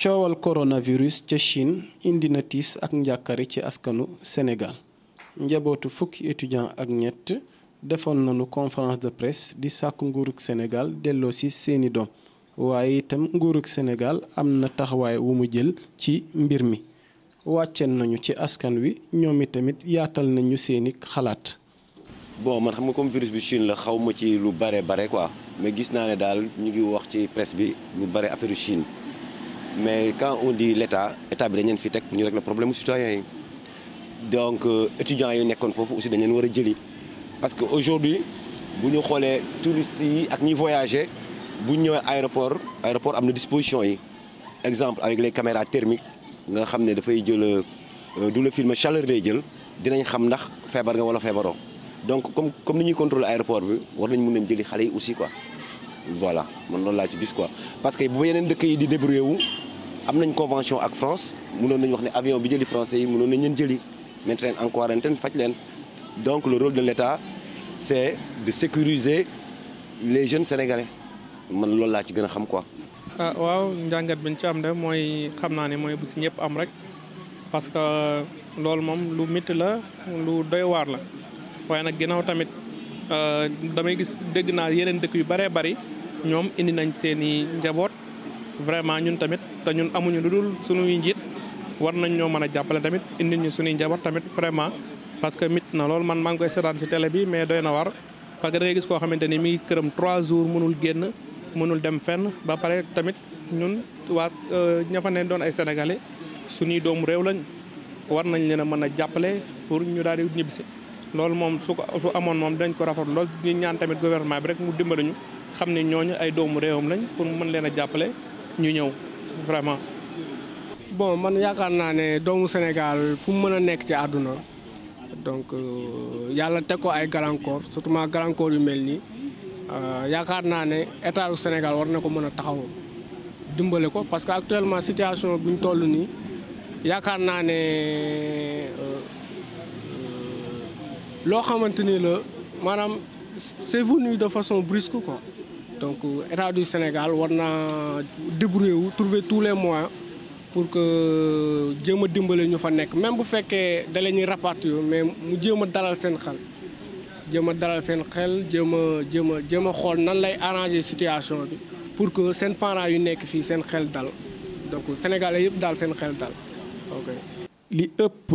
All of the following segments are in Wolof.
coowal coronavirus ca Chine indi na tiis ak njàkkare ci askanu Sénégal njabootu fukki étudiant ak ñett defoon nañu confrance de presse di sàkk nguurug Sénégal delloo si seeni doom waaye itam nguurug Sénégal am na taxawaay wu mu jël ci mbir mi wàcceen nañu ci askan wi ñoom itamit yaatal nañu seeni xalaat. bon man xam nga comme virus bi Chine la xaw ma ci lu bare bare quoi mais gis naa ne daal ñu ngi wax ci presse bi lu bare affaire Chine. mais quand on dit l'État état bi fait fi teg pour ñu régler problème citoyen citoyens. donc euh, étudiants yi nekkoon foofu aussi dañ leen parce que aujourd'hui nous avons les touristes yi ak voyager bu ñu ñëwee aéroport aéroport am na disposition yi exemple avec les caméras thermiques nga xam ne dafay jël euh, du la filmer chaleur lay jël dinañ xam ndax feebar nga wala feebaroo donc comme comme nous contrôlons l'aéroport, aéroport bi war nañ mën yi aussi quoi voilà man loolu laa ci gis quoi parce que bu yeneen dëkk yi di débrouiller wu am nañ convention ak France mënoon nañu wax ne avion bi jëli français yi mënoon nañ leen jëli mettre leen en quarantaine faj leen donc le rôle de l'État c'est de sécuriser les jeunes sénégalais man loolu laa ci gën xam quoi. ah waaw njàngat bi ñu ci am de mooy xam naa ne mooy bu si ñëpp am rek parce que loolu mom lu métti la lu doy waar la waaye nag ginnaaw tamit euh, damay gis dégg naa yeneen dëkk yu bëree bari ñoom indi nañ seen i vraiment ñun tamit te ñun amuñu dudul suñu njit war nañ ñoo mëna jappalé tamit indi ñu suñu njabar tamit vraiment parce que mit na lool man ma ngoy sétan ci télé bi mais doyna war parce que da ngay gis ko xamanteni mi ngi këram trois jours mënul génn mënul dem fenn ba paré tamit ñun wa euh, ña fa ne doon ay sénégalais suñu doomu réew lañ war nañ leena mëna jappalé pour ñu daal di ñibbisi loolu moom su ko su amoon mom dañ ko rafetlu loolu ñi ñaan tamit gouvernement bi rek mu dimbalu ñu xamni ñoñu ay doomu réewam lañ pour mën leena jappalé ñu ñëw vraiment. bon man yaakaar naa ne doomu Sénégal fu mu mën a nekk ci àdduna donc euh, yàlla teg ko ay gàllankoor surtout ma gàllankoor yu mel ni euh, yaakaar naa ne état du Sénégal war na ko mën a taxaw dimbale ko parce que actuellement situation bi ñu toll nii yaakaar naa ne euh, loo xamante ni la maanaam c'est venu de façon brusque quoi donc état du Sénégal war naa débrouiller trouver tous les moyens pour que jéem a dimbale ñu fa nek même bu féké da lañu ñuy mais mu jéem a dalal sen xel jéem a dalal sen xel jéem a jéem a jéem a xool nan lay arranger situation bi pour que sen parents yu nek fi sen xel dal donc sénégalais yépp dal sen xel dal ok. li ëpp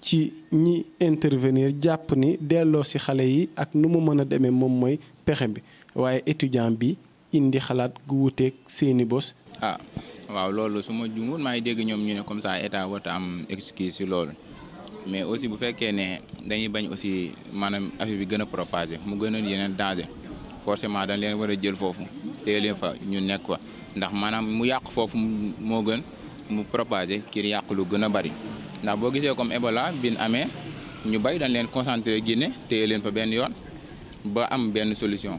ci ñi intervenir japp ni délo ci xalé yi ak nu mu mëna démé mom moy mooy bi. waaye étudiant bi indi xalaat gu wuteeg seeni bos. ah waaw loolu su ma juumul maa ngi dégg ñoom ñu ne comme ça état warta am excuse si loolu mais aussi bu fekkee ne dañuy bañ aussi maanaam affaire bi gën a propagé mu gën a yeneen danger forcément dañ leen war a jël foofu téye leen fa ñu nekk quoi ndax maanaam mu yàq foofu moo gën mu propagé kii yàq lu gën a bari ndax boo gisee comme Ebola bin amee ñu bay dañ leen concentré Guinée téye leen fa benn yoon ba am benn solution.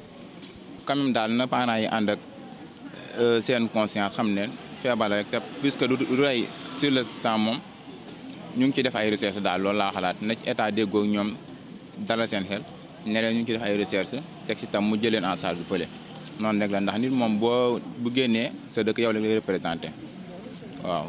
quand daal na parents yi ànd ak euh, seen conscience xam ne feebar la rek te puisque du rey sur le temps moom ñu ngi ci def ay recherche daal loolu laa xalaat na ci état déggoo ñoom dala seen xel ne leen ñu ci def ay recherche teg ci tam mu jëleen en charge fële noonu rek la ndax nit moom boo bu génnee sa dëkk yow la lay représenté waaw